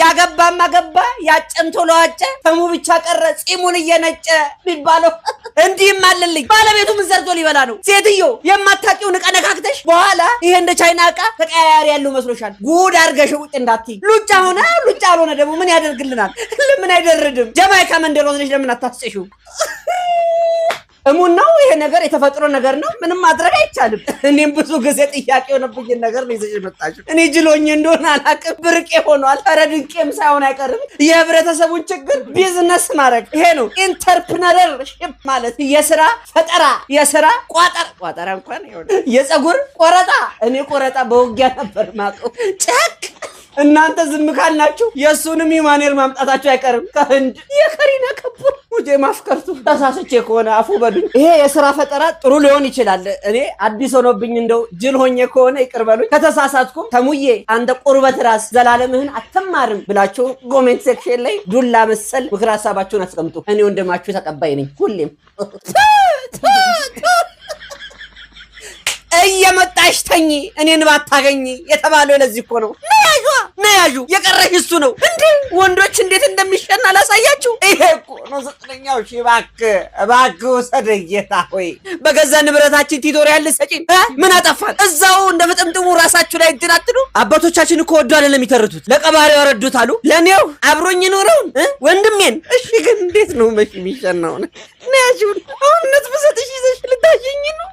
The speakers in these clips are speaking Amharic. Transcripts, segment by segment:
ያገባም አገባ ያጨም ቶሎ አጨ ፈሙ ብቻ ቀረ ፂሙን እየነጨ የሚባለው እንዲህም አለልኝ። ባለቤቱ ምን ዘርቶ ሊበላ ነው? ሴትዮ የማታውቂውን እቃ ነካክተሽ በኋላ ይሄ እንደ ቻይና እቃ ተቀያያሪ ያለው መስሎሻል። ጉድ አድርገሽ ውጭ እንዳትይ። ሉጫ ሆነ ሉጫ አልሆነ ደግሞ ምን ያደርግልናል? ለምን አይደርድም? ጀማይካ መንደሮት ነሽ ለምን አታስጭሹ? እሙን ነው ይሄ ነገር፣ የተፈጥሮ ነገር ነው። ምንም ማድረግ አይቻልም። እኔም ብዙ ጊዜ ጥያቄ የሆነብኝን ነገር ነው ይዘሽ መጣሽ። እኔ ጅሎኝ እንደሆነ አላቅም፣ ብርቄ ሆኗል። ኧረ ድንቄም ሳይሆን አይቀርም። የህብረተሰቡን ችግር ቢዝነስ ማድረግ ይሄ ነው ኢንተርፕረነርሺፕ ማለት፣ የስራ ፈጠራ፣ የስራ ቋጠር ቋጠራ እንኳን የፀጉር ቆረጣ። እኔ ቆረጣ በውጊያ ነበር ማቀው ጨክ እናንተ ዝም ካልናችሁ የእሱንም ኢማኑኤል ማምጣታችሁ አይቀርም። ከህንድ የከሪና ከቡር ሙጄ ማፍቀርቱ ተሳስቼ ከሆነ አፉ በሉኝ። ይሄ የስራ ፈጠራ ጥሩ ሊሆን ይችላል። እኔ አዲስ ሆኖብኝ እንደው ጅል ሆኜ ከሆነ ይቅር በሉኝ። ከተሳሳትኩም ተሙዬ አንተ ቁርበት ራስ ዘላለምህን አትማርም ብላችሁ ጎሜንት ሴክሽን ላይ ዱላ መሰል ምክር ሀሳባችሁን አስቀምጡ። እኔ ወንድማችሁ ተቀባይ ነኝ ሁሌም እየመጣሽ ተኝ እኔን ባታገኝ የተባለው ለዚህ እኮ ነው። ነያዡ የቀረኝ እሱ ነው እንዴ! ወንዶች እንዴት እንደሚሸና አላሳያችሁ። ይሄ እኮ ነው ዘጠነኛው ሺህ። እባክህ እባክህ ውሰድ። ጌታ ሆይ። በገዛ ንብረታችን ቲቶሪያል ሰጪን ምን አጠፋን? እዛው እንደ መጠምጥሙ ራሳችሁ ላይ እንትን አትሉ። አባቶቻችን እኮ ወዶ አይደለም የሚተርቱት፣ ለቀባሪው ያረዱት አሉ። ለእኔው አብሮኝ ኖረውን ወንድሜን። እሺ ግን እንዴት ነው መሽ የሚሸናውን ነያዡ አሁንነት ብሰጥሽ ይዘሽ ልታሸኝ ነው?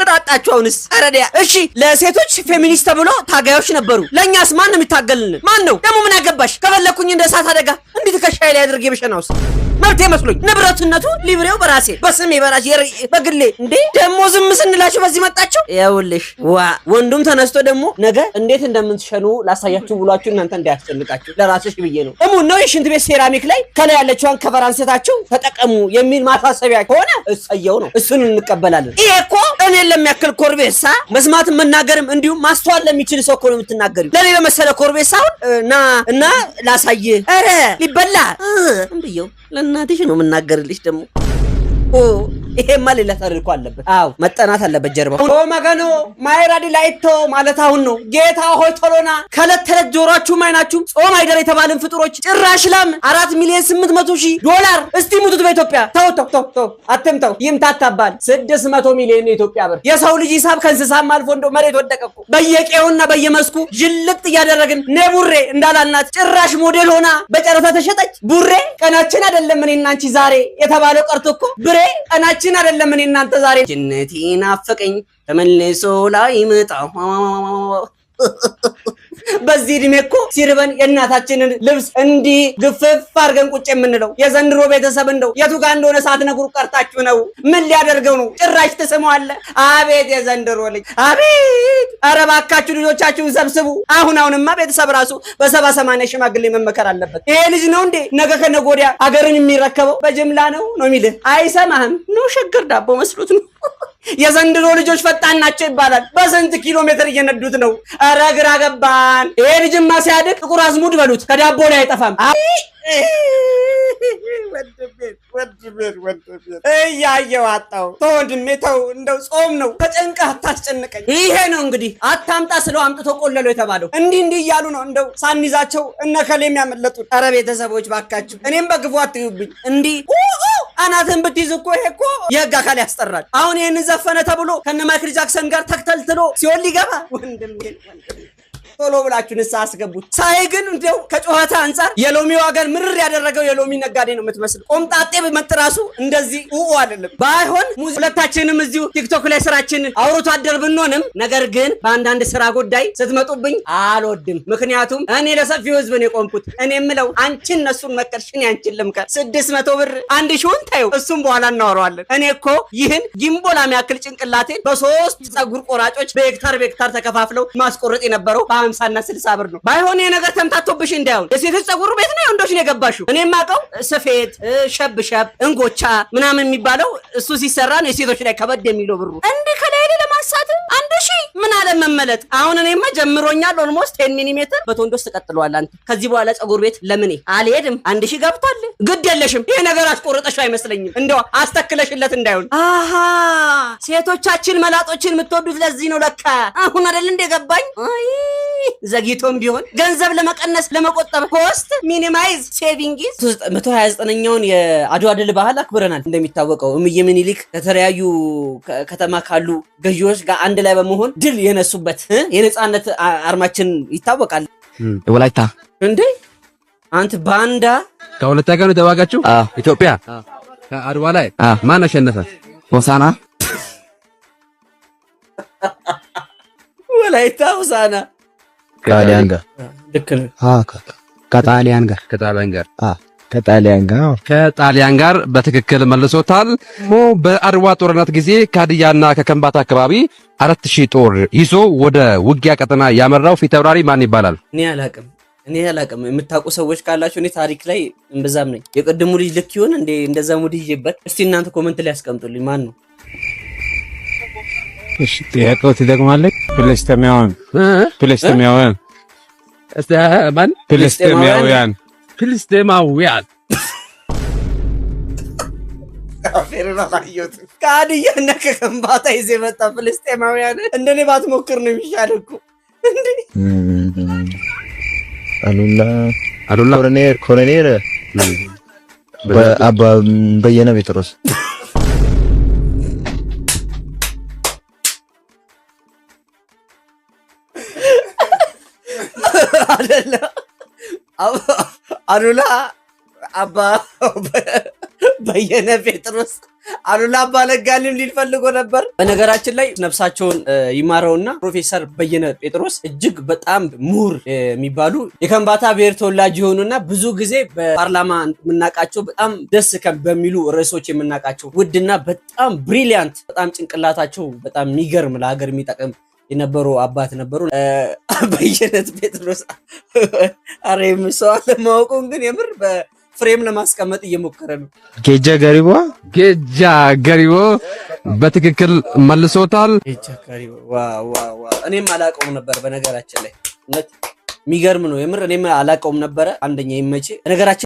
ቅጣጣችሁ አሁንስ። ኧረ እሺ ለሴቶች ፌሚኒስት ተብሎ ታጋዮች ነበሩ። ለእኛስ ማን ማን የሚታገልልን ማን ነው ደግሞ? ምን አገባሽ? ከፈለኩኝ እንደ እሳት አደጋ እንዴት ከሻይ ላይ አድርጌ በሸና ውስጥ መብቴ መስሎኝ ንብረትነቱ ሊብሬው በራሴ በስሜ በራሴ በግሌ። እንዴ ደግሞ ዝም ስንላችሁ በዚህ መጣችሁ። ያውልሽ ዋ ወንዱም ተነስቶ ደግሞ ነገ እንዴት እንደምትሸኑ ላሳያችሁ ብሏችሁ እናንተ እንዳያስጨንቃችሁ ለራስሽ ብዬ ነው። እሙን ነው የሽንት ቤት ሴራሚክ ላይ ከላይ ያለችዋን ከቨር አንስታችሁ ተጠቀሙ የሚል ማሳሰቢያ ከሆነ እሰየው ነው፣ እሱን እንቀበላለን። ይሄ እኮ እኔ ለሚያክል ኮርቤሳ መስማትም መናገርም እንዲሁም ማስተዋል ለሚችል ሰው እኮ ነው የምትናገሪ። ለኔ ለመሰለ ኮርቤሳ አሁን እና እና ላሳየ ኧረ ሊበላ ብዬው ለእናትሽ ነው የምናገርልሽ ደግሞ ይሄማ ሌላ ታሪኩ አለበት። አዎ መጠናት አለበት ጀርባው። ኦ መገኖ ማይራዲ ላይቶ ማለት አሁን ነው። ጌታ ሆይ ቶሎና ከለት ተዕለት ጆሯችሁም አይናችሁም ጾም አይደር የተባልን ፍጡሮች ጭራሽ ላም አራት ሚሊዮን ስምንት መቶ ሺህ ዶላር እስቲ ሙቱት በኢትዮጵያ። ተው ተው ተው ተው አትምተው ይምታታባል። ስድስት መቶ ሚሊዮን የኢትዮጵያ ብር የሰው ልጅ ሂሳብ ከእንስሳም አልፎ እንደው መሬት ወደቀ እኮ በየቄውና በየመስኩ ጅልጥ እያደረግን ነቡሬ እንዳላናት ጭራሽ ሞዴል ሆና በጨረታ ተሸጠች። ቡሬ ቀናችን አይደለም እኔና እናንቺ ዛሬ የተባለው ቀርቶ እኮ ብሬ ቀናችን ሀገራችን አይደለም። እኔ እናንተ ዛሬ ጅነቴ ናፈቀኝ ተመልሶ ላይ መጣ። በዚህ እድሜ እኮ ሲርበን የእናታችንን ልብስ እንዲህ ግፍፍ አድርገን ቁጭ የምንለው የዘንድሮ ቤተሰብ እንደው የቱ ጋር እንደሆነ ሳትነግሩ ቀርታችሁ ነው። ምን ሊያደርገው ነው? ጭራሽ ትስመዋለህ። አቤት የዘንድሮ ልጅ አቤት ኧረ እባካችሁ ልጆቻችሁን ሰብስቡ። አሁን አሁንማ ቤተሰብ ራሱ በሰባ ሰማንያ ሽማግሌ መመከር አለበት። ይሄ ልጅ ነው እንዴ ነገ ከነገ ወዲያ አገርን የሚረከበው በጅምላ ነው ነው የሚልህ። አይሰማህም ነው ሸገር ዳቦ መስሎት ነው። የዘንድሮ ልጆች ፈጣን ናቸው ይባላል። በስንት ኪሎ ሜትር እየነዱት ነው? ኧረ ግራ ገባን። ይሄ ልጅማ ሲያድግ ጥቁር አዝሙድ በሉት ከዳቦ ላይ አይጠፋም። እያየው አጣው። ወንድሜ ተው፣ እንደው ጾም ነው ተጨንቀህ አታስጨንቀኝ። ይሄ ነው እንግዲህ አታምጣ ስለው አምጥቶ ቆለሎ የተባለው እንዲህ እንዲህ እያሉ ነው እንደው ሳንይዛቸው የሚያመለጡን። ኧረ ቤተሰቦች ባካችሁ፣ እኔም በግቡ አትዩብኝ እንዲህ አናትን ብትይዝ እኮ ይሄ እኮ የህግ አካል ያስጠራል። አሁን ይህንን ዘፈነ ተብሎ ከነ ማይክል ጃክሰን ጋር ተክተልትሎ ሲሆን ሊገባ ወንድሜ ቶሎ ብላችሁ ንስሓ አስገቡት። ሳይ ግን እንደው ከጨዋታ አንጻር የሎሚ ዋገን ምርር ያደረገው የሎሚ ነጋዴ ነው የምትመስል። ቆምጣጤ መጥራሱ እንደዚህ ውኡ አይደለም። ባይሆን ሁለታችንም እዚሁ ቲክቶክ ላይ ስራችን አውርቶ አደር ብንሆንም ነገር ግን በአንዳንድ ስራ ጉዳይ ስትመጡብኝ አልወድም። ምክንያቱም እኔ ለሰፊው ህዝብ ነው የቆምኩት። እኔ የምለው አንቺን እነሱን መቀርሽ ያንችን አንቺን ልምቀር። ስድስት መቶ ብር አንድ ሺውን ታዩ፣ እሱም በኋላ እናወረዋለን። እኔ እኮ ይህን ጊምቦላ የሚያክል ጭንቅላቴን በሶስት ጸጉር ቆራጮች በሄክታር በሄክታር ተከፋፍለው ማስቆረጥ የነበረው ሀምሳና ስልሳ ብር ነው። ባይሆን ይሄ ነገር ተምታቶብሽ እንዳይሆን የሴቶች ጸጉር ቤት ነው የወንዶች ነው የገባሽው። እኔ የማውቀው ስፌት፣ ሸብሸብ፣ እንጎቻ ምናምን የሚባለው እሱ ሲሰራ ነው የሴቶች ላይ ከበድ የሚለው ብሩ እንዲህ ከላይ አልነሳትም። አንድ ሺ ምን አለ መመለጥ። አሁን እኔማ ጀምሮኛል። ኦልሞስት ቴን ሚኒሜትር በቶንዶስ ትቀጥለዋል። አንተ ከዚህ በኋላ ጸጉር ቤት ለምኔ አልሄድም። አንድ ሺ ገብቷል። ግድ የለሽም። ይሄ ነገር አስቆረጠሽ አይመስለኝም። እንደው አስተክለሽለት እንዳይሆን። አሀ ሴቶቻችን መላጦችን የምትወዱት ለዚህ ነው ለካ። አሁን አደል እንደ ገባኝ። ዘግይቶም ቢሆን ገንዘብ ለመቀነስ ለመቆጠብ ኮስት ሚኒማይዝ ሴቪንግ መቶ ሀያ የአድዋ ድል ባህል አክብረናል። እንደሚታወቀው እምዬ ምኒልክ ከተለያዩ ከተማ ካሉ ገዢዎች ጀግኖች ጋር አንድ ላይ በመሆን ድል የነሱበት የነፃነት አርማችን ይታወቃል። ወላይታ እንዴ አንተ ባንዳ ከሁለት ጋር ነው የተዋጋችሁ ኢትዮጵያ አድዋ ላይ ማን አሸነፈ? ሆሳና ወላይታ ሆሳና ከጣሊያን ጋር ከጣሊያን ጋር ከጣሊያን ጋር ከጣሊያን ጋር በትክክል መልሶታል። ሞ በአድዋ ጦርነት ጊዜ ከሀዲያና ከከምባታ አካባቢ አራት ሺህ ጦር ይዞ ወደ ውጊያ ቀጠና ያመራው ፊት ማን ይባላል? እኔ አላቅም እኔ አላቅም። የምታውቁ ሰዎች ካላችሁ እኔ ታሪክ ላይ እንበዛም ነኝ። የቅድሙ ልጅ ልክ ይሆን እንዴ? እንደዛ ሙድ ይዤበት። እስቲ እናንተ ኮመንት ላይ ያስቀምጡልኝ ማን ነው? እሺ ጥያቄው ትደግማለች። ፍልስጤማውያን ፍልስጤማውያን ማን? ፍልስጤማውያን Pilsnehmer Weird. አፌርን አላየሁትም። ከአድያ እና ከከምባታ ይዘህ መጣ። ፍልስጤማውያን እንደኔ ባትሞክር ነው የሚሻለው እኮ እንዴ አሉላ አሉላ ኮሎኔል ኮሎኔል አባ በየነ ጴጥሮስ አይደለም አሉላ አባ በየነ ጴጥሮስ አሉላ አባ ነጋሊም ሊል ፈልጎ ነበር። በነገራችን ላይ ነፍሳቸውን ይማረውና ፕሮፌሰር በየነ ጴጥሮስ እጅግ በጣም ምሁር የሚባሉ የከንባታ ብሔር ተወላጅ የሆኑና ብዙ ጊዜ በፓርላማ የምናውቃቸው በጣም ደስ በሚሉ ርዕሶች የምናውቃቸው ውድና በጣም ብሪሊያንት በጣም ጭንቅላታቸው በጣም የሚገርም ለሀገር የሚጠቅም የነበሩ አባት ነበሩ። በየነት ጴጥሮስ አሬም ሰው አለማወቁን ግን የምር በፍሬም ለማስቀመጥ እየሞከረ ነው። ጌጃ ገሪቦ ጌጃ ገሪቦ በትክክል መልሶታል። ጌጃ ገሪቦ እኔም አላውቀውም ነበር በነገራችን ላይ እውነት የሚገርም ነው የምር እኔም አላውቀውም ነበረ። አንደኛ ይመቼ ነገራችን